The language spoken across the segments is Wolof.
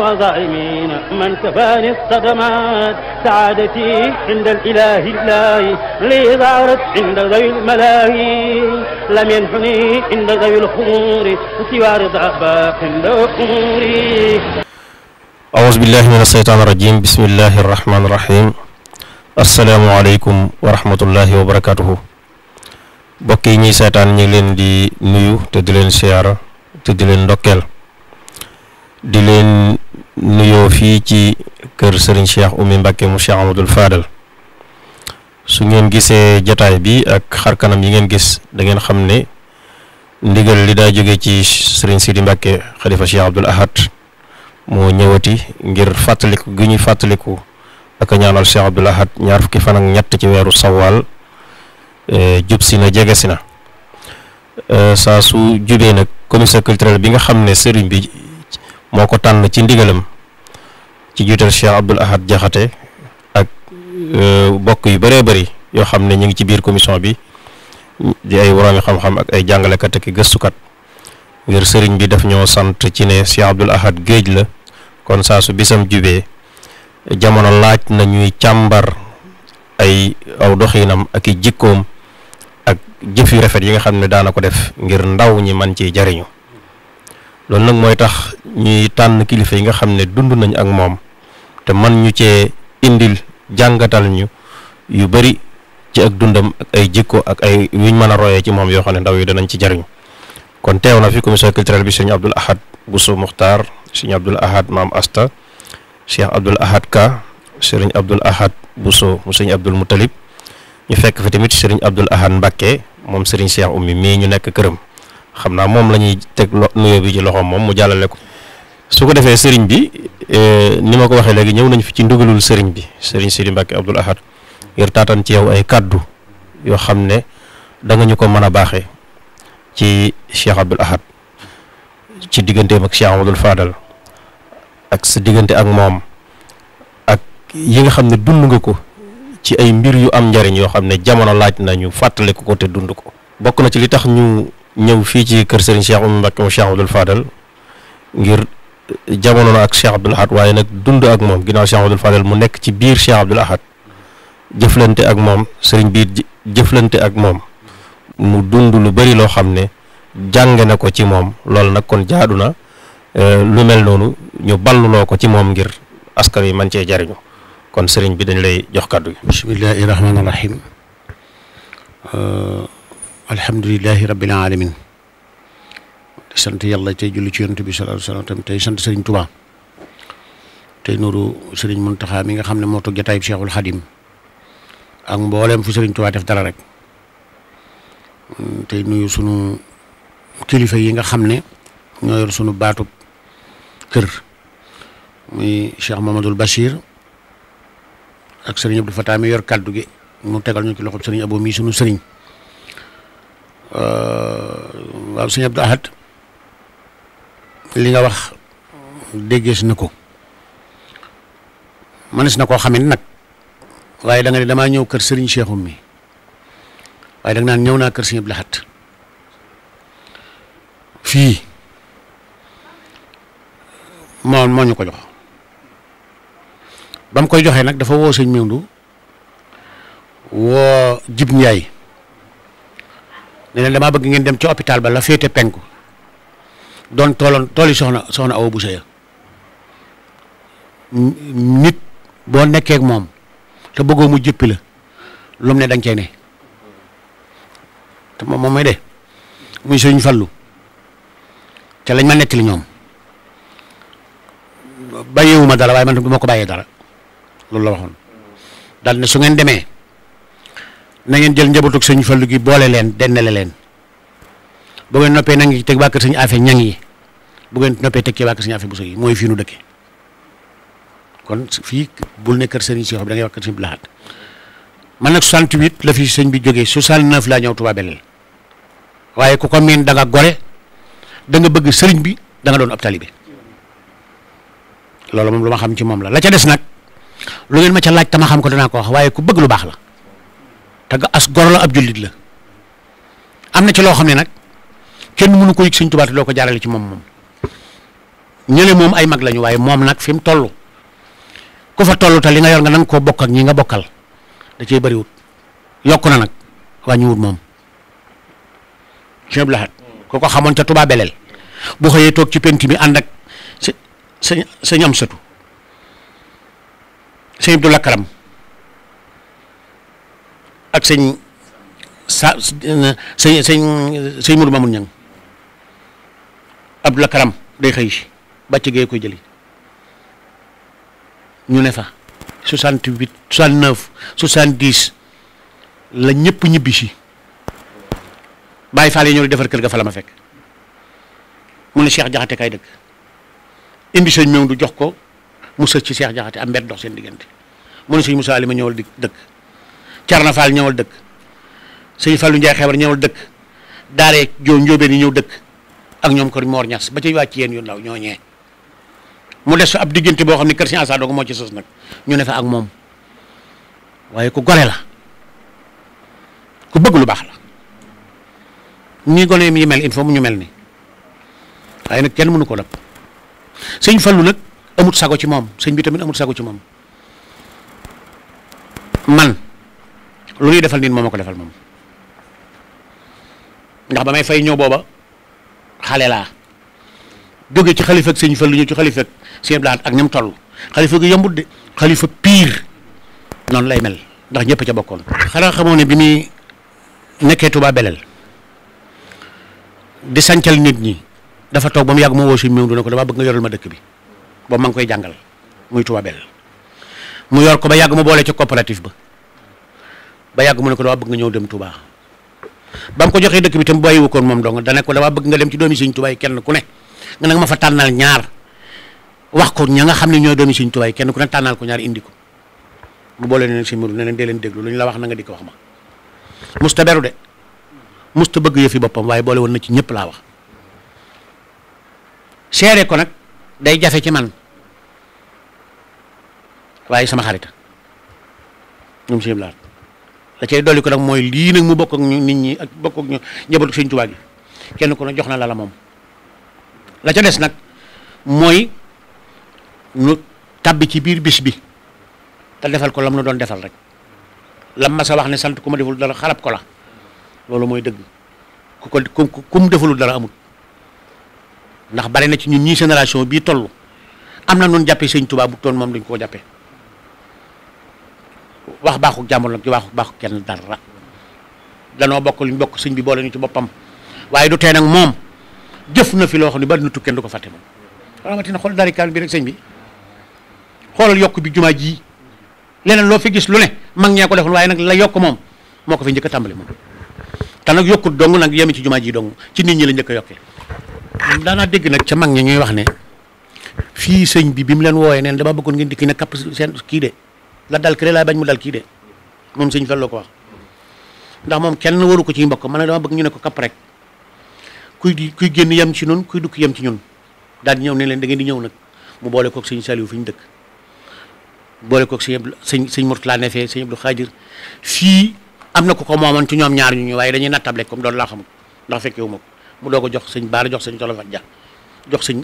وظالمين من كفاني الصدمات سعادتي عند الإله الله لي ظهرت عند ذوي الملاهي لم ينحني عند ذوي الخمور سوى رضا باق أموري أعوذ بالله من الشيطان الرجيم بسم الله الرحمن الرحيم السلام عليكم ورحمة الله وبركاته mbokk yi ñuy seetaan ñu ngi leen di nuyu te di leen siyaara te di leen ndokkeel di leen fii ci kër Serigne Cheikh Oumy Mbacke mu Cheikh Amadou Fadal su ngeen gisee jataay bi ak xarkanam yi ngeen gis dangeen xam ne ndigal li daa jóge ci Serigne Sidi Mbacke xalifa Cheikh Abdoul Ahad moo ñëwati ngir fàttaliku gi ñuy fàttaliku ak a ñaanal Cheikh Abdoul Ahad ñaar fukki fan ñett ci weeru sawaal e, jub si na jege si na e, saa su jubee nag commission culturelle bi nga xam ne sëriñ bi moo ko tànn ci ndigalam ci jiital Cheikh Abdoul Ahad Jaxate ak euh, bokk yu bëree bëri yoo xam ne ñu ngi ci biir commission bi di ay woroomi xam-xam ak ay jàngalekat ak gëstukat ngir sëriñ bi daf ñoo sant ci ne Cheikh Abdoul Ahad géej la kon saa bisam jubee jamono laaj na ñuy càmbar ay aw doxiinam ak jikkoom ak jëf yu rafet yi nga xam ne daana ko def ngir ndaw ñi man ci jariñu loolu nag mooy tax ñuy tànn kilifa yi nga xam ne dund nañ ak moom te man ñu cee indil jàngatal ñu yu bari ci ak dundam ak ay jikko ak ay yuñ mën a royee ci moom yoo xam ne ndaw yi danañ ci jariñ kon teew na fi commission culturelle bi sëñ Abdoul Ahad Bousso Muxtaar sëñ Abdoul Ahad Maam Asta Cheikh Abdoul Ahad Ka sëriñ Abdoul Ahad Bousso mu sëñ Abdoul Moutalib ñu fekk fi tamit sëriñ Abdoul Ahad Mbacke moom sëriñ Cheikh Oumy mii ñu nekk këram. xam naa moom la ñuy teg nuyoo bi ci loxoom moom mu jàllale ko su ko defee sëriñ bi e, ni ma ko waxee léegi ñëw nañ fi ci ndugalul sëriñ bi sëriñ Sidi Mbacke Abdoul Ahad ngir taataan ci yow ay kàddu yoo xam ne da nga ñu ko mën a baaxee ci Cheikh Abdoul Ahad ci digganteem ak Cheikh Amadou Fadal ak sa diggante ak moom ak yi nga xam ne dund nga ko ci ay mbir yu am njariñ yoo xam ne jamono laaj na ñu fàttaliku ko te dund ko bokk na ci li tax ñu. ñëw fii ci kër Serigne Cheikh Oumy Mbacké mu Cheikh Abdoul Fadal ngir eh, jamono na ak Cheikh Abdoul Ahad waaye nag dund ak moom ginnaaw Cheikh Abdoul Fadal mu nekk ci biir Cheikh Abdoul Ahad jëflante ak moom sëriñ biir jëflante ak moom mu dund lu bari loo xam ne jànge na ko ci moom loolu nag kon jaadu na eh, lu mel noonu ñu balluloo ko ci moom ngir askan wi man cee jariñu kon sëriñ bi dañ lay jox kàddu gi bismillaahi rahmaani rahim euh, alhamdulilahi rabbil alamin di sant yàlla tey julli ci yonent bi sallallahu alayhi wasallam tey sant Serigne Touba tey nuuru Serigne Mountakha mi nga xam ne moo toog jotaayu Cheikhul Khadim ak mboolem fu Serigne Touba def dara rek tey nuyu sunu kilifa yi nga xam ne ñoo yor sunu baatu kër muy Cheikh Mamadou Bachir ak Serigne Abdou Fatah mi yor kaddu gi mu tegal ñu ci loxo Serigne Abo mii sunu Serigne. Euh, waaw sëñ Abdou Ahad li nga wax déggees na ko mënees na koo xamit nag waaye da nga ne damaa ñëw kër sëriñ Cheikhoum mi waaye da nga naan ñëw naa kër sëñ Abdou Ahad fii moo moo ko jox bam koy joxee nag dafa woo sëñ Mewndu woo Jib Ndiaye ne leen damaa bëgg ngeen dem ci hôpital ba la féete penku doon tooloon tool soxna soxna Awa Bousso ya nit boo nekkee moom te bëggoo mu jëppi la lu ne dañ nga cee te moom moom may de muy sëriñ Fallu te lañ ma nettali ñoom bàyyeewuma dara waaye man bu ma ko bàyyee dara loolu la waxoon daal su ngeen demee nangeen ngeen jël njabootug sëñ Fallu gi boole leen dennale leen bu ngeen noppee na ngi teg waa kër sëñ Afe ñang yi bu ngeen noppee teg ci waa kër sëñ Afe Buso yi mooy fii nu dëkke kon fii bul nekk kër sëriñ Cheikh bi da ngay wax kër sëñ Abdou Lahad man nag 68 la fi sëñ bi jógee 69 laa ñëw Touba Belel waaye ku ko miin da nga gore danga bëgg sëriñ bi danga doon ab taalibe loolu moom lu ma xam ci moom la la ca des nag lu ngeen ma ca laaj tama xam ko danaa ko wax waaye ku bëgg lu baax la te as gor la ab jullit la am na ci loo xam ne nag kenn mënu ko yëg Sëñ Tuubaa te ko jaarale ci moom moom ñële moom ay mag lañu waaye moom nag fi mu toll ku fa toll te li nga yor nga nanga koo bokk ak ñi nga bokkal da cee bëriwut yokk na nag wàññiwut moom Cheikh Lahat ku ko xamoon ca Touba bu xëyee toog ci penti bi ànd ak sa sa ñam sëtu sëñ Abdou Lakaram ak sëñ sa sëñ sëñ sëñ Modou Mamoun Niang Abdoulaye Karam day xëy si bàcc gee koy jëli ñu ne fa soixante huit soixante neuf soixante dix la ñëpp ñibbi si bàyyi faale yi ñoo defar kër ga fa la ma fekk mu ne Cheikh Jaxate kay dëkk indi sëñ meew du jox ko mu sës ci Cheikh Jaxate am mbedd dox seen diggante mu ne sëñ Moussa ma ñëwal di dëkk Cerno Fall ñëwal dëkk sëñ Fallu Njaay xebar ñëwal dëkk daaree joo njóobeen yi ñëw dëkk ak ñoom kër Mor Ñas ba ci wàcc yéen yu ndaw ñoo ñee mu des fa ab diggante boo xam ne kër sëñ Asa Dogo moo ci sos nag ñu ne fa ak moom waaye ku gore la ku bëgg lu baax la ñi gone mi mel il mu ñu mel ni waaye nag kenn mënu ko dab sëñ Fallu nag amut sago ci moom sëñ bi tamit amut sago ci moom man lu ñuy defal nit moom ma ko defal moom ndax ba may fay ñëw booba xale laa jóge ci xalifa ak sëñ lu ñëw ci xalifa ak sëñ Blaat ak ñam toll xalifa gi yombut de xalifa pire noonu lay mel ndax ñëpp ca bokkoon. xalaa xamoo ne bi muy nekkee Touba Belel di sancal nit ñi dafa toog ba mu yàgg moo woo suñ meew du ko dama bëgg nga yoral ma dëkk bi boobu ma ngi koy jàngal muy Touba Belel mu yor ko ba yàgg mu boole ci coopérative ba. ba yàgg mu ne ko dama bëgg nga ñëw dem Touba ba mu ko joxee dëkk bi tam bàyyiwu koon moom dong dana ko dama bëgg nga dem ci doomi Sëriñ Touba yi kenn ku ne nga nag ma fa tànnal ñaar wax ko ña nga xam ne ñooy doomi Sëriñ Touba yi kenn ku ne tànnal ko ñaar indi ko mu boole ne si mbiru ne leen dee leen déglu lu la wax na nga di ko ma musta beru de bëgg yëfi boppam waaye boole woon na ci ñëpp laa wax seere ko nag day jafe ci man waaye sama xarita ñoom sëñ Laat da cay dolli ko nag mooy lii nag mu bokk ak ñu nit ñi ak bokk ak ñu njabootu Sëriñ Tuubaa gi kenn ku ne jox na la la moom la ca des nag mooy nu tàbbi ci biir bis bi te defal ko lam nu doon defal rek la ma sa wax ne sant ku ma deful dara xarab ko la loolu mooy dëgg ku ko ku ku mu defalul dara amul ndax bari na ci ñun ñii génération bii toll am na noonu jàppee Sëriñ Tuubaa bu toon moom dañ koo jàppee wax baaxu jàmbur la ci wax baaxu kenn dara danoo bokk luñ bokk sëñ bi boole ñu ci boppam waaye du tee nag moom jëf na fi loo xam ne ba dina tukkeen du ko fàtte moom rawatina xool dari kaan bi rek bi xoolal yokk bi jumaa ji leneen loo fi gis lu ne mag ñee ko defoon waaye nag la yokk moom moo ko fi njëkk a te nag yokkut dong nag yemi ci jumaa ji dong ci nit ñi la njëkk a yokkee daanaa dégg nag ca mag ñi ne fii sëñ bi bi mu leen wooyee neen dama bëggoon ngeen dikki ne kapp seen kii de la dal kii laay bañ mu dal kii de moom sëñ Fallu ko wax ndax moom kenn waru ko ci mbokk man dama bëgg ñu ne ko kapp rek kuy kuy génn yam ci ñun kuy dukk yem ci ñun daal di ñëw ne leen da di ñëw nag mu boole koog sëñ Saliou fi ñu dëkk boole koog sëñ sëñ sëñ Mourtala Nefe sëñ Abdou Khadir fii am na ko ko moomoon ci ñoom ñaar ñu ñu waaye dañuy nattable comme doon la xamul ndax fekke wu mu doo ko jox sëñ Baara jox sëñ Tolofa Ja jox sëñ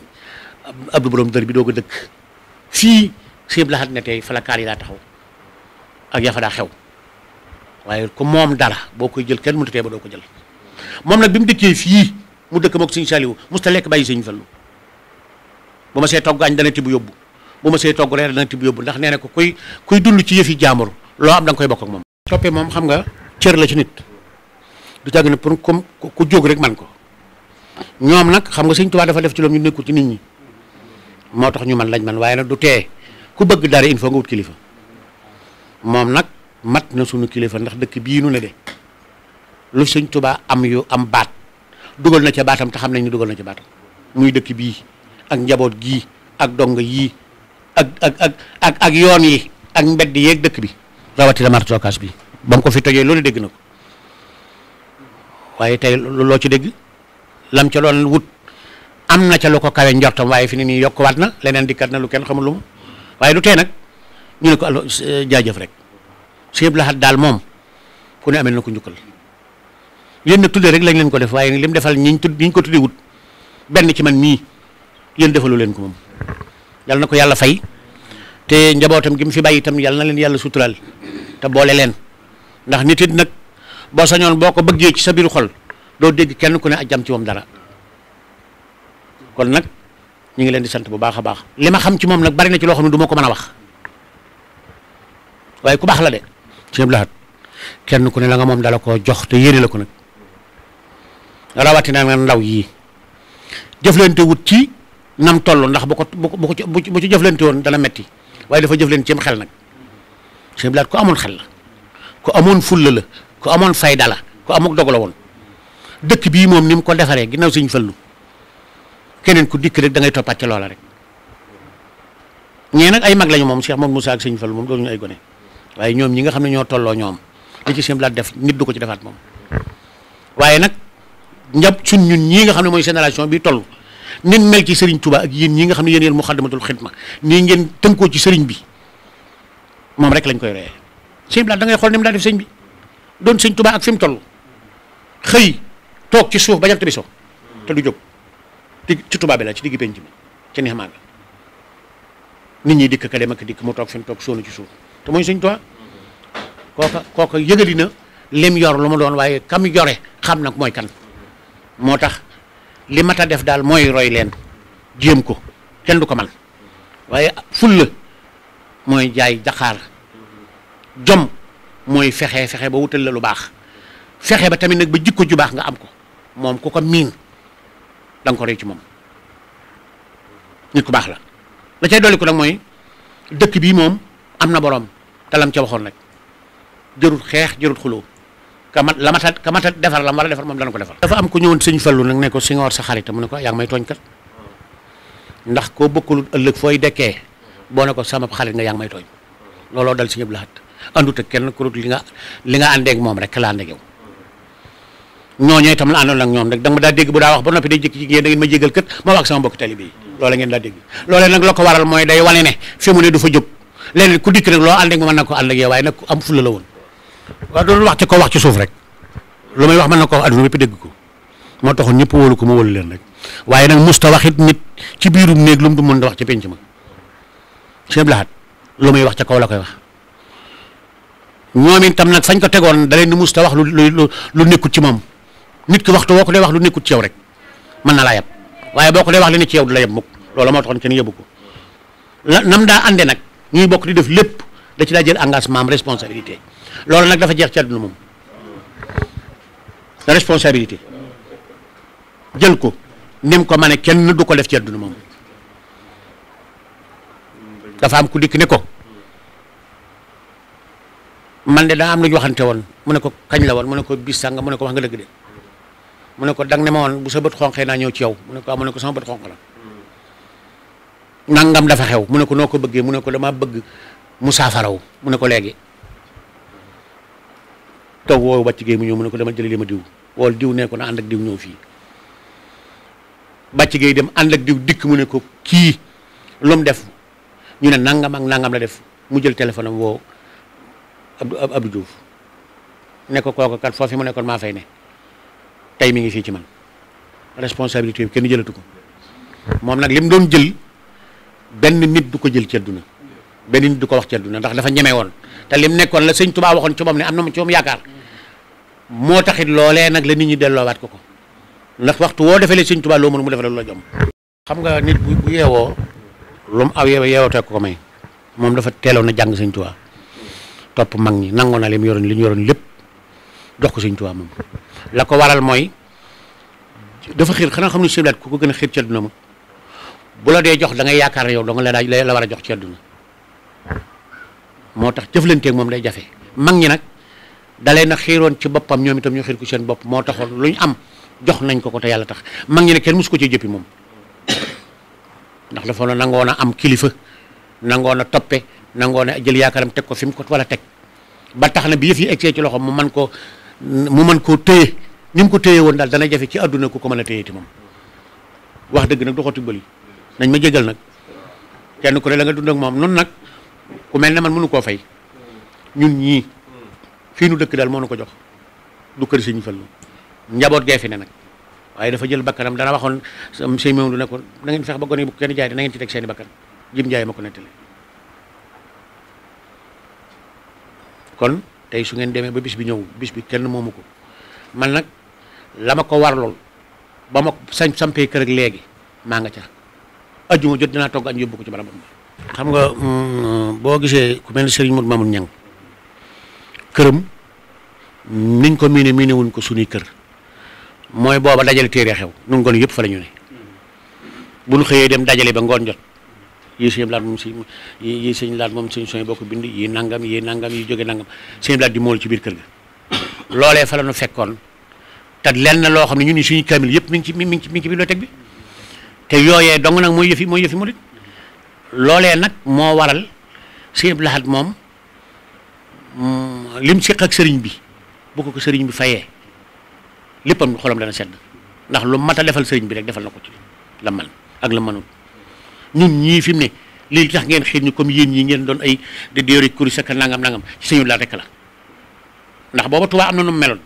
Abdou Borom dër bi doo ko dëkk fii sëñ Abdou Lahad ne tey falakaar yi ak yafa daa xew waaye ku moom dara boo koy jël kenn mënut a ba doo ko jël moom nag bi mu dëkkee fii mu dëkk mook sëñ Saliou musta lekk bàyyi sëñ Fallu bu ma see togg añ dana tibb yóbbu bu ma see togg reer dana tibb yóbbu ndax nee na ko kuy kuy dund ci yëfi jaamur loo am da nga koy bokk ak moom toppee moom xam nga cër la ci nit du jàgg ne pour comme ku jóg rek man ko ñoom nag xam nga sëñ Tuubaa dafa def ci loom ñu nekkul ci nit ñi moo tax ñu man lañ man waaye nag du tee ku bëgg dara il faut nga wut moom nag mat na sunu kilifa ndax dëkk bii nu ne de lu suñ tubaa am yu am baat dugal na ca baatam te xam nañ ni dugal na ca baatam muy dëkk bii ak njaboot gii ak dong yii ak ak ak yoon yi ak mbedd yeeg dëkk bi rawatina marché Ocass bi ba ko fi tojee loolu dégg na ko waaye tey loo ci dégg lam ca doon wut am na ca lu ko kawe njortam waaye fi ne nii yokkuwaat na leneen dikkat na lu kenn xamul lu mu waaye du tee nag ñu ne ko allo eh, jaajëf rek Sëñ Abdou Lahad daal moom ku ne amee na ko njukkal yéen nag tuddee rek lañ leen ko def waaye li defal ñi tudd ñiñ ko tuddee wut benn ci man mii yéen defalu leen ko moom yal na ko yàlla fay te njabootam gi mu fi bàyyi tam yal na leen yàlla sutural te boole leen ndax nit it nag boo sañoon boo ko bëggee ci sa biir xol doo dégg kenn ku ne jam ci moom dara kon nag ñu ngi leen di sant bu baax a baax li ma xam ci moom nag bari na ci du ko mën a wax waaye ku baax la de ci Abdou Lahad kenn ku ne la moom dala koo jox te yéene la ko nag rawatina nga ndaw yii jëflante wut ci nam toll ndax bu ko bu ko bu ci jëflante woon dana metti waaye dafa jëflante ci am xel nag ci Abdou Lahad ku amoon xel la ku amoon fulla la ku amoon fayda la ku amuk dog la woon dëkk bii moom ni mu ko defaree ginnaaw suñ fëllu keneen ku dikk rek dangay ngay toppaat ci loola rek ñee nag ay mag lañu moom Cheikh moom Moussa ak sëñ Fall moom dooñu ay waaye ñoom ñi nga xam ne ñoo tolloo ñoom li ci seen def nit du ko ci defaat moom waaye nag njab suñ ñun ñii nga xam ne mooy génération bi toll nin mel ci Serigne Touba ak yéen ñi nga xam ne yéen yéen muxaddamatul xidma nii ngeen tënkoo ci Serigne bi moom rek lañ koy royee sëñ bi da xool ni mu daa def sëñ bi doon sëñ Touba ak fi mu toll xëy toog ci suuf ba jant bi so te du jóg di ci tubaab bi la ci digg penc bi ci neex maa nga nit ñi dikk ka dem ak dikk mu toog fi toog sóonu ci suuf te mooy sëñ Tuubaa kooka kooka yëgali na lim yor lu mu doon waaye kam yore xam nag mooy kan moo tax li mat a def daal mooy roy leen jéem ko kenn du ko man waaye fulla mooy jaay jaxaar jom mooy fexe fexe ba wutal la lu baax fexe ba tamit nag ba jikko ju baax nga am ko moom ku ko miin da ko roy ci moom nit ku baax la la cay dolli ko nag mooy dëkk bii moom am na borom te lam ca rek jërul xeex jërul xuloo ka mat la mata ka mata defar la mu war a defar moom dana ko defar. dafa am ku ñëwoon sëñ Fallu nag ne ko si nga war sa ah, koo bokkul ëllëg fooy dekkee boo ne ko sama xarit nga yaa ngi may tooñ looloo dal si ñëpp laxat àndut ak kenn ku li nga li nga àndeeg moom rek la àndeeg yow ñooñu itam la àndoon ak ñoom rek da nga ma daa dégg bu daa wax ba noppi day jékki-jékki yéen da ngeen ma jégal kët ma wax sama mbokk tali bi ngeen daa dégg loolee nag la ko waral mooy day wane leneen ku dikk rek loo ànd ak na ko ànd ak yow am fulla la woon waaw doon wax ci ko wax ci suuf rek may wax mën na ko wax adduna bépp dégg ko moo taxoon ñëpp wóolu ko ma wóolu leen rek waaye nag musta waxit nit ci biirum néeg lu mu mën da ci penc ma sëñ Abdou Lahad wax ca kaw la koy wax ñoom itam nag fañ ko tegoon da ni musta wax lu lu lu nekkut ci moom nit ki waxtu boo ko dee wax lu nekkut ci yow rek mën na laa yab waaye boo ko dee wax li ne ci yow du la yab mukk loolu moo taxoon kenn yëbu ko la nam daa ànde nag ñuy bokk di def lépp da ci daa jël engagement am responsabilité loolu nag dafa jeex ci àdduna moom jël ko nim ko ma ne kenn du ko def ci àdduna moom dafa am ku dikk ne ko man de daa am lu ñu waxante woon mu ne ko kañ la woon mu ne ko bis sànga mu ne ko wax nga dëgg de mu ne ko dang ne ma woon bu sa bët xonqee naa ñëw ci yow mu ne ko mu ne ko sama bët xonq la nangam dafa xew mu ne ko noo ko bëggee mu ne ko dama bëgg mu saafaraw mu ne ko léegi toog woo bàcc mu ne ko dama jëlee li ma diw wool diw ne ko na ànd ak diw ñëw fii bàcc géey dem ànd ak diw dikk mu ne ko kii lu def ñu ne nangam ak nangam la def mu jël téléphone woo Abdou Abdou Diouf ne kooku kat foofu mu nekkoon maa fay ne tey mi ngi fii ci man responsabilité bi kenn jëlatu ko moom nag lim doon jël. benn nit du ko jël ci àdduna benn nit du ko wax ci àdduna ndax dafa ñeme woon te lim nekkoon la sëñ Tuubaa waxoon ci moom ne am na ci moom yaakaar moo taxit loolee nag la nit ñi delloowaat ko ko ndax waxtu woo defee la sëñ Tuubaa loo mën mu defal la jom xam nga nit bu bu yeewoo lu mu aw yeew yeewatee ko may moom dafa teeloon a jàng sëñ Tuubaa topp mag ñi nangoo na li yoroon li ñu yoroon lépp jox ko sëñ Tuubaa moom la ko waral mooy dafa xiir xanaa xam ne sëñ ku ko gën a xiir ci àdduna bu la dee jox dangay ngay yaakaar yow dong la daa la war a jox ci àdduna moo tax jëflanteeg moom day jafe mag ñi nag dalee na xiiroon ci boppam ñoom itam ñu xiir ko seen bopp moo taxoon lu ñu am jox nañ ko ko te yàlla tax mag ñi nag kenn mosu ko ci jëppi moom ndax dafa na nangoon a am kilifa nangoon a toppe nangoon a jël yaakaar yaakaaram teg ko fi mu ko wala teg ba tax na bi yëf yi egsee ci loxo mu mën ko mu mën koo téye ni mu ko téye woon daal dana jafe ci àdduna ku ko mën a téye ti moom wax dëgg nag du xoti nañ ma jégal nag kenn ku ne la nga dund ak moom noonu nag ku mel ne man mënu koo fay ñun ñii fii nu dëkk daal moo nu ko jox du kër ñu Sëriñ Fallu njaboot gee fi ne nag waaye dafa jël bakkanam dana waxoon sëñ moom du ne ko na ngeen ba gone bu kenn jaay te na ngeen ci teg seeni bakkan jim njaay ma ko nettali kon tey su ngeen demee ba bis bi ñëw bis bi kenn moomu ko man nag la ma ko warlool ba ma sañ sampee kër ak léegi maa nga ca ajjuma jot dinaa togg añ yóbbu ko ci barabam bi xam nga mm, boo gisee ku mel ne Serigne Modou Mamoun Niang këram niñ ko miine miine wuñ ko suñuy kër mooy booba dajale téere xew nun ngoon yëpp fa la ñu ne buñ xëyee dem dajale ba ngoon jot yi sëñ laat moom si yi sëñ laat moom sëñ sooy bokk bind yi nangam yi nangam yi jóge nangam sëñ laat di mool ci biir kër ga loolee fa la ñu fekkoon te lenn loo xam ne ñun suñu kamil yëpp mi ngi ci mi ngi ci mi ngi ci bibliothèque bi te yooyee dong nag mooy yëfi mooy yëfi murit loolee nag moo waral Sëñ Abdou Lahad moom mm, lim séq ak sëriñ bi bu ko ko sëriñ bi fayee léppam xolam dana sedd ndax lu mat a defal sëriñ bi rek defal na ko ci la man ak la manut ñun ñii fi mu ne lii tax ngeen xiir ñu comme yéen ñi ngeen doon ay di diori kuri saka nangam nangam ci Sëñ Abdou rek la ndax booba Tuubaa am na nu meloon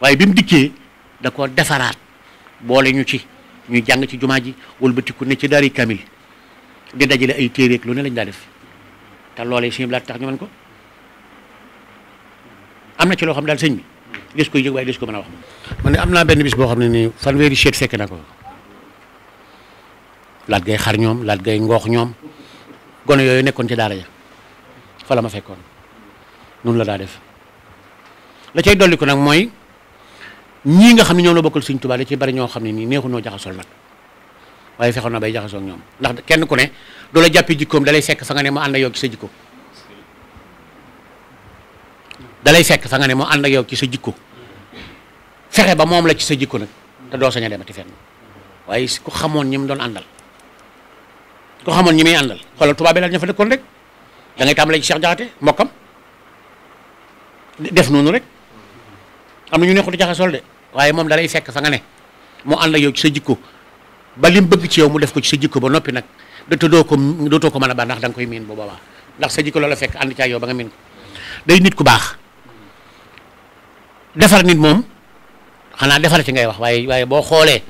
waaye bi mu dikkee da ko defaraat boole ñu ci ñuy jàng ci jumaa ji wëlbatiku ne ci dari kamil di dajale ay téere ak ne lañ daa def te loolee sëñ bi laa tax ñu ko am na ci loo xam daal sëñ bi koy yëg waaye des ko mën a wax man ne am naa benn bis boo xam ne nii fanweeri seet fekk na ko laat gay xar ñoom laat gay ngoox ñoom gone yooyu nekkoon ci daara ja fa la ma fekkoon noonu la daa def la cay dolli ko nag mooy ñii nga xam ne ñoom la bokkal Sëriñ Tuubaa li ci bari waaye fexoon na bay jaxasoo ñoom ndax kenn ku ne doo la jàppee jikkoom sekk fa ne mu ànd ak yow ci sekk fa nga ne mu yow ci sa jikko fexe ba moom la ci sa jikko nag te doo sañ a demati fenn waaye xamoon ñi mu doon àndal ku xamoon ñi muy àndal xoolal bi la ña fa dëkkoon rek da ngay tàmbalee ci Jaxate mbokkam def noonu rek am na ñu neexut jaxasool de waaye moom dalay fekk fa nga ne mu ànd ak yow ci sa jikko ba lim bëgg ci yow mu def ko ci sa jikko ba noppi nag dootoo doo ko dootoo ko mën a baax ndax da koy miin bu boobaa ndax sa jikko loola fekk ànd ci ak yow ba day nit ku baax defar nit moom xanaa defar ci ngay wax waaye waaye boo xoolee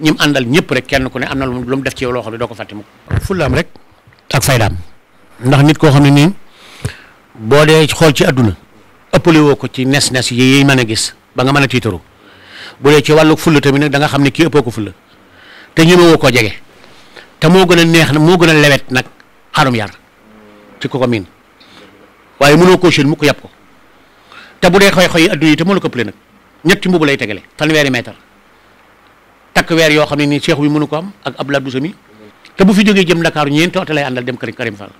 ñi àndal ñëpp rek kenn ku ne am na lu def ci yow doo ko fàtte mu fullaam rek ak faydaam ndax nit koo xam ne nii boo dee xool ci àdduna ëppale woo ko ci nes-nes yi yi mën a gis ba nga mën a tiitaru bu dee ci wàllu fulla tamit nag da nga xam ne kii ëppoo ko fulla te ñemewoo koo jege te moo gën a neex na moo gën a lewet nag xarum yar ci ko ko miin waaye munoo koo mu ko yàpp ko te bu dee xoy-xoy yi yi te moo la ko ëppale nag ñetti mbubu lay tegale fanweeri mètre takk weer yoo xam ne nii seexu bi mënu ko am ak Abdoulaye Doussa mi te bu fi jógee jëm Dakar ñeenti oto lay àndal dem Karim Karim Fall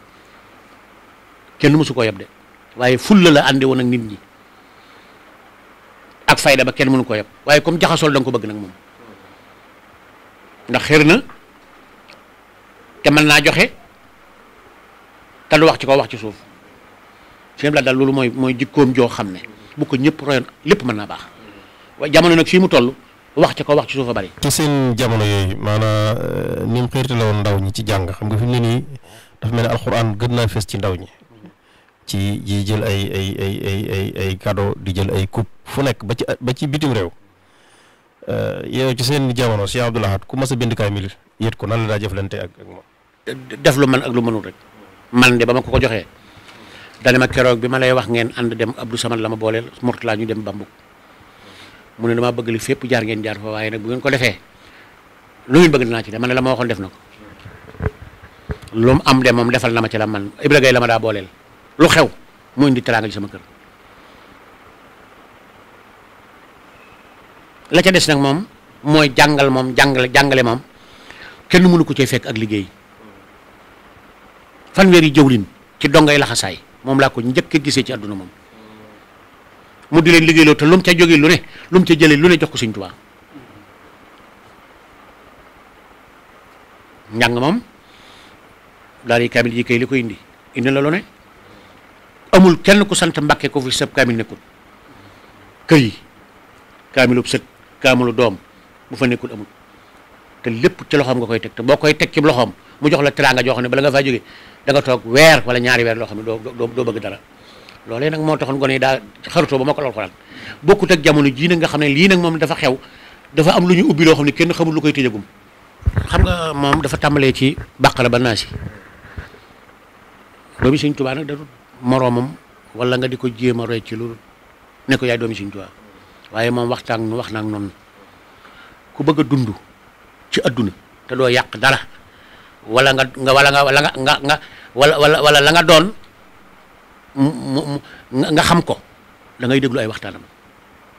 kenn mësu koo yab de waaye fulla la ànde woon ak nit ñi ak fayda ba kenn mënu ko yeb waaye comme jaxasool da ko bëgg nag moom ndax xër na te mën naa joxe te wax ci kaw wax ci suuf seen la dal loolu mooy mooy jikkoom joo xam ne bu ko ñëpp royoon lépp mën naa baax waaye jamono nag fii mu toll wax ci kaw wax ci suuf a bari. ci seen jamono yooyu maanaa euh, ni mu la woon ndaw ñi ci jàng xam nga fi mu ne nii dafa mel ne alxuraan gën naa fees ci ndaw ñi. ci ji jël ay ay ay ay ay di jël ay coupe fu nekk ba ci ba ci bitim réew euh, yow ci seen jamono si Abdou Lahad ku mas a kaay mil yët ko nan la daa jëflante ak ak def lu man ak lu mënul rek man de ba ma ko ko joxee dana ma bi ma lay wax ngeen ànd dem Abdou Samad la ma booleel Mourtala ñu dem Bambuk mu ne damaa bëgg li fépp jaar ngeen jaar fa waaye nag bu ngeen ko defee lu ngeen bëgg dinaa ci de man la def na ko lu am de moom defal na ma ci la man Ibrahima la ma daa booleel. lu xew moo indi teraanga ci sama kër la ca des nag moom mooy jàngal moom jàngale jàngale moom kenn mënu ko cee fekk ak liggéey fanweeri jëwlin ci dongay laxasaay moom laa ko njëkk gisee ci àdduna moom mu di leen liggéeyloo te lu mu ca jógee lu ne lu mu ca jëlee lu ne jox ko Sëñ Tuubaa njàng moom daal yi kaamil yi kay li ko indi indi la lu amul kenn ku sant Mbàkke ko fi sëb kaamil nekkul këy kaamilu sët kaamilu doom bu fa nekkul amul te lépp ci loxoom nga koy teg te boo koy teg ci loxoom mu jox la teraanga joo xam ne bala nga faa jógee da nga toog weer wala ñaari weer loo xam ne doo doo bëgg dara loolee nag moo taxoon gone yi daa xarutoo ba ma ko lool xoraan bokkut jamono jii nag nga xam ne lii nag moom dafa xew dafa am lu ñu ubbi loo xam ne kenn xamul lu koy tëjagum xam nga moom dafa tàmbalee ci bàqara ba naasi boobu Sëñ Tuubaa nag moroomam wala nga di ko jéem a roy ci loolu ne ko yaay doomi Sëriñ waaye moom waxtaan nu wax naag noonu ku bëgg a dund ci àdduna te doo yàq dara wala nga nga wala nga wala nga nga wala wala wala la nga doon mu nga xam ko da ngay déglu ay waxtaanam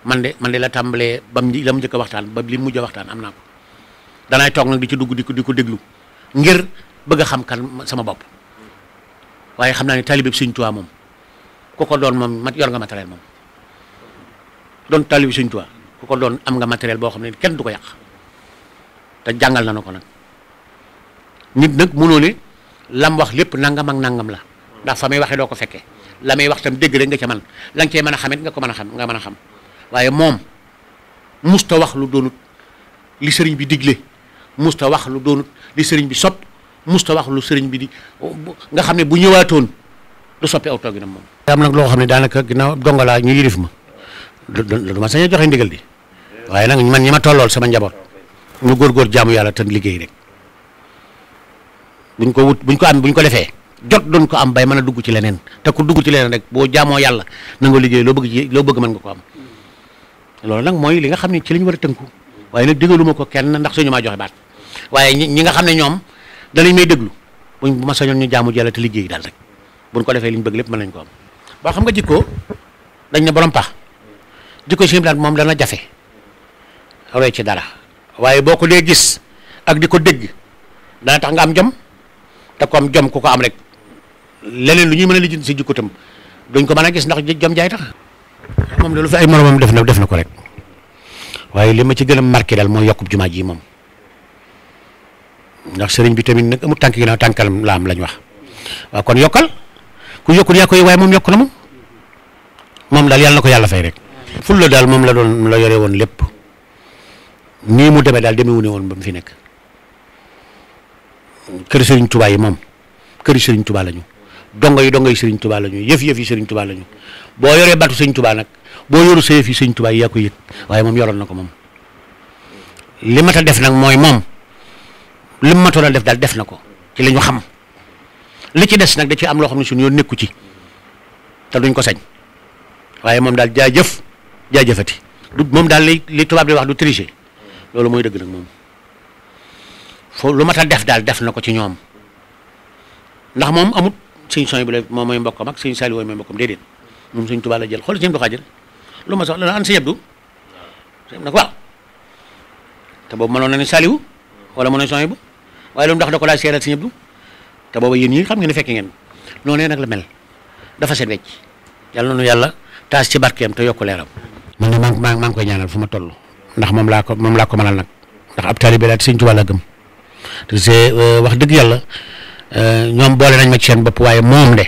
man de man de la tàmbalee bam mu la mu njëkk a waxtaan ba li mujj a waxtaan am naa ko danaay toog nag di ci dugg di ko di ko déglu ngir bëgg a xam kan sama bopp waaye xam naa ne taalibe bi sëñ Tuubaa moom ku ko doon moom mat yor nga matériel moom doon taalibe bi sëñ Tuubaa ku ko doon am nga matériel boo xam ne kenn du ko yàq te jàngal na nu ko nag nit nag mënoo ne lam wax lépp nangam ak nangam la ndax fa waxe doo ko fekke la may wax tam dégg de nga ca man la nga cee mën a xamit nga ko mën a xam nga mën a xam waaye moom musta wax lu doonut li sëriñ bi digle musta wax lu doonut li sëriñ bi sopp musta wax lu sëriñ bi di nga xam ne bu ñëwaatoon du soppi aw tooginam moom. am nag loo xam ne daanaka ginnaaw dongalaa ñu yilif ma du du ma sañ a joxe ndigal di waaye nag man ñi ma tollool sama njaboot ñu góorgóor jaamu yàlla te liggéey rek buñ ko wut buñ ko am buñ ko defee jot doon ko am bay mën a dugg ci leneen te ku dugg ci leneen rek boo jaamoo yàlla na nga liggéey loo bëgg ci loo bëgg mën nga ko am loolu nag mooy li nga xam ne ci la ñu war a tënku waaye nag digaluma ko kenn ndax suñu maa joxe baat waaye ñi nga xam ne ñoom danañ may déglu buñ bu ma sañoon ñu jaamu Yàlla te liggéey daal rek buñ ko defee liñ bëgg lépp mën nañ ko am boo xam nga jikko dañ ne borom pax jikko si daal moom dana jafe roy ci dara waaye boo ko dee gis ak di ko dégg dana tax nga am jom te ko am jom ko am rek leneen lu ñuy mën a lijjanti si jikko tam duñ ko mën a gis ndax jom jaay tax moom loolu fi ay moromam def na def na ko rek waaye li ma ci gën a daal mooy yokku jumaa jii moom ndax sëriñ bi tamit nag amul tànk ginnaaw tànkal laam lañ wax waaw kon yokkal ku yokkul yaa koy waaye moom yokk na moom moom daal yàlla ko yàlla fay rek. ful la daal moom la doon la yore woon lépp mu demee daal demewu ne woon ba mu fi nekk kër sëriñ Tuubaa yi moom kër sëriñ Tuubaa lañu dongo yi dongo yi sëriñ Tuubaa lañu yëf yëf yi sëriñ Tuubaa boo yoree batu nag boo yoru sa yëf yi sëriñ Tuubaa waaye moom yoroon na ko moom li def nag mooy moom. li mu matoon def daal def na ko ci li xam li ci des nag da ci am loo xam ne suñu yoon nekku ci te duñ ko sañ waaye moom daal jaajëf jaajëfati du moom daal li li tubaab di wax du tricher loolu mooy dëgg nag moom foo lu ma a def daal def na ko ci ñoom ndax moom amut si son bi la moom mooy mbokkam ak suñ sali wooy mooy mbokkam déedéet moom suñ tubaab la jël xool suñ du xaajal lu ma soxla an si yebdu nag waaw te boobu mënoon na ni saliwu wala mënoon sony bu waaye loolu ndax da ko daal seeral si Abdou te booba yéen ñi xam ngeen ne fekke ngeen noonee nag la mel dafa set wecc yàlla noonu yàlla taas ci barkeem te yokk leeram man de maa maa maa ngi koy ñaanal fu ma toll ndax moom laa ko moom laa ko mënal nag ndax ab taalibe laa sëñ Tuubaa la gëm te euh, wax dëgg yàlla euh, ñoom boole nañ ma ci seen bopp waaye moom de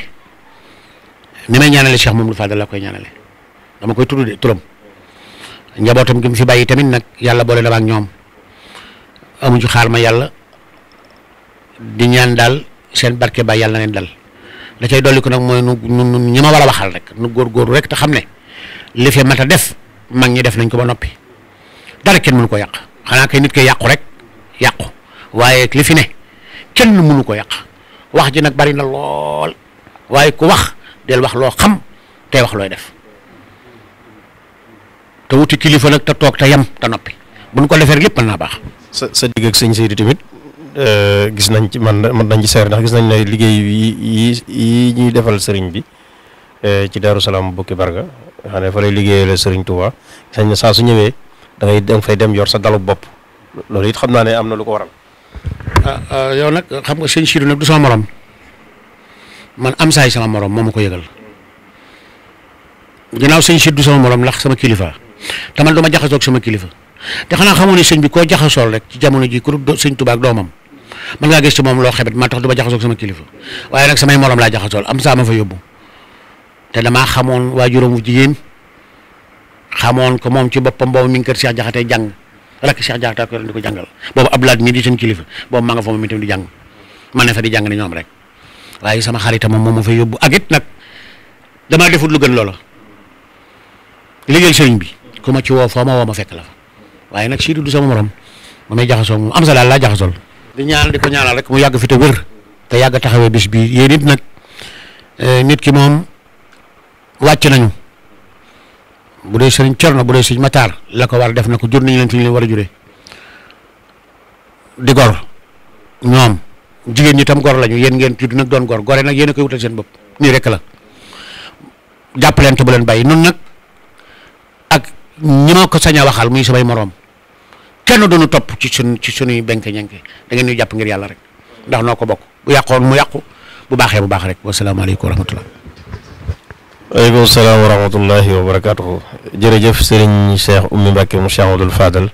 ni may ñaanale Cheikh Mamadou Fadal la koy ñaanale dama koy tudd de turam njabootam gi mu fi bàyyi tamit nag yàlla boole dama ak ñoom amuñu xaar ma yàlla di ñaan daal seen barke bay yàlla na leen dal da cay dolli ko nag mooy nu nu ñi ma war a waxal rek nu góorgóorlu rek te xam ne li fi mat a def mag ñi def nañ ko ba noppi dara kenn mënu ko yàq xanaa kay nit koy yàqu rek yàqu waaye li fi ne kenn mënu ko yàq wax ji nag bari na lool waaye ku wax del wax loo xam tey wax looy def te wuti kilifa nag te toog te yem te noppi bu ñu ko defee lépp mën naa baax. sa sa digg ak sëñ Seydi tamit. Euh, gis nañ ci man man nañ ci seer ndax gis nañ ne liggéey yi yi ñuy defal sëriñ bi euh, ci Daaru Salaam bukki barga xam ne fa lay liggéeyee sëriñ Touba saa su ñëwee da ngay fay dem yor sa dalu bopp loolu it xam naa ne am na lu ko waral. Ah, ah, yow nag xam nga sëñ Siidu nag du sama morom man am saay sama morom moom ma ko yëgal ginnaaw sëñ Siidu du sama morom ndax sama kilifa te man duma jaxasoo ak sama kilifa te xanaa xamoo ne sëñ bi koo jaxasool rek ci jamono ji ku sëñ tubaak doomam. man ngaa gis ci moom loo xebet maa tax du ma jaxasoog sama kilifa waaye nag samay morom laa jaxasool am saa fa yóbbu te damaa xamoon waajuram wu jigéen xamoon ko moom ci boppam boobu mi ngi kër Cheikh Jaxate jàng rakk Cheikh Jaxate ko di ko jàngal boobu Abdoulaye mii di seen kilifa boobu maa nga fa moom itam di jàng ma ne fa di jàng ni ñoom rek waaye sama xaritam moom ma fa yóbbu ak it damaa defut lu gën loola bi ku ma ci woo foo ma fekk la fa waaye nag siitu du sama morom ma may jaxasoo moom am sa daal laa jaxasool di ñaan di ko ñaanal rek mu yàgg fi te wér te yàgg a taxawee bis bi yéen it nag eh, nit ki moom wàcc nañu bu dee sëriñ Cerno bu dee sëriñ Mataar la ko war def na ko jur nañu leen fi ñu leen war a juree di gor ñoom jigéen ñi tam gor lañu yéen ngeen judd nag doon gor gore nag yéen a koy wutal seen bopp nii rek la jàpp leen te bu leen bàyyi noonu nag ak ñi ma ko sañ a waxal muy samay moroom kenn duñu topp ci sun ci sunuy benk ñenke da ngeen ñuy jàpp ngir yàlla rek ndax noo ko bokk bu yàqoon mu yàqu bu baaxee bu baax rek wasalaamaaleykum wa rahmatullah aleykum salaam wa rahmatullahi wa barakatuhu jërëjëf sëriñ Cheikh Oumy Mbacke mu Cheikh Abdoul Fadal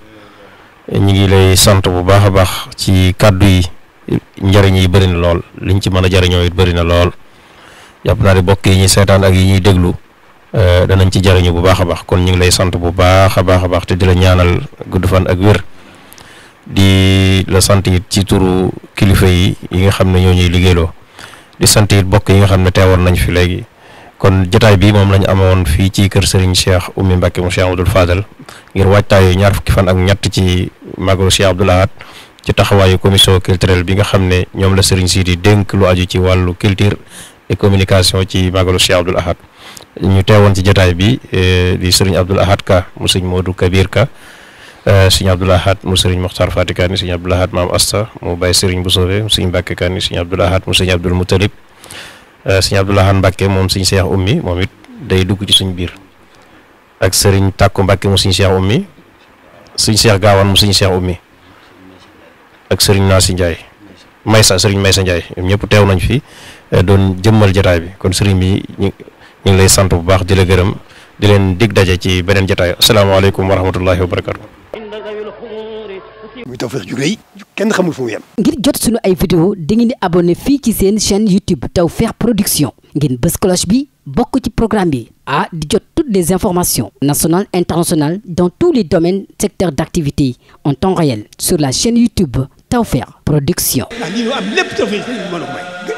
ñu ngi lay sant bu baax a baax ci kàddu yi njëriñ yi bëri na lool liñ ci mën a jëriñoo it bëri na lool jàpp naa ne bokk yi ñuy seetaan ak yi ñuy déglu Euh, danañ ci jariñu bu baax a baax kon ñu ngi lay sant bu baax a baax a baax te di la ñaanal gudd fan ak wér di la sant it ci turu kilifa yi yi nga xam ne ñoo ñuy liggéeyloo di sant it bokk yi nga xam ne teewoon nañ fi léegi kon jataay bi moom lañ amoon fii ci kër Serigne Cheikh Oumy Mbacke mu Cheikh Abdoul Fadal ngir waajtaayu ñaar fukki fan ak ñett ci magalu Cheikh Abdoul Ahad ci taxawaayu commission culturelle bi nga xam ne ñoom la Serigne si di dénk lu ci wàllu culture communication ci magalu Cheikh Abdoul Ahad ñu teewoon ci jotaay bi e, di sëriñ Abdoul Ahad Ka mu sëriñ Modou Kabir Ka e, sëriñ Abdoul Ahad mu sëriñ Mokhtar Fati Kani sëriñ Abdoul Ahad maam Asta mu bàyyi sëriñ Boussové mu sëriñ Mbacke Kani sëriñ Abdoul Ahad mu sëriñ Abdoul Moutalib e, sëriñ Abdoul Ahad Mbacke moom sëriñ seex Oumy moom it day dugg ci suñ biir ak sëriñ Takku Mbacke mu sëriñ Cheikh Oumy sëriñ Cheikh Gaawaan mu sëriñ Cheikh Oumy ak sëriñ Nasi Ndiaye Maysa sëriñ Maysa Ndiaye ñëpp teew nañ fi Eh, doon jëmmal jataay bi kon sëriñ bi ñu ngi lay sant bu baax di la gërëm di leen dig daje ci beneen jataay asalaamaaleykum wa rahmatullahi wa barakaatu. muy Tawfekh ju rëy kenn xamul fu mu yem. ngir jot sunu ay vidéo dangeen di abonné fii ci seen chaîne YouTube Tawfekh Production ngeen bës cloche bi bokk ci programme bi ah di jot toutes les informations nationales internationales dans tous les domaines secteurs d'activité en temps réel sur la chaîne YouTube Tawfekh Production. ah lii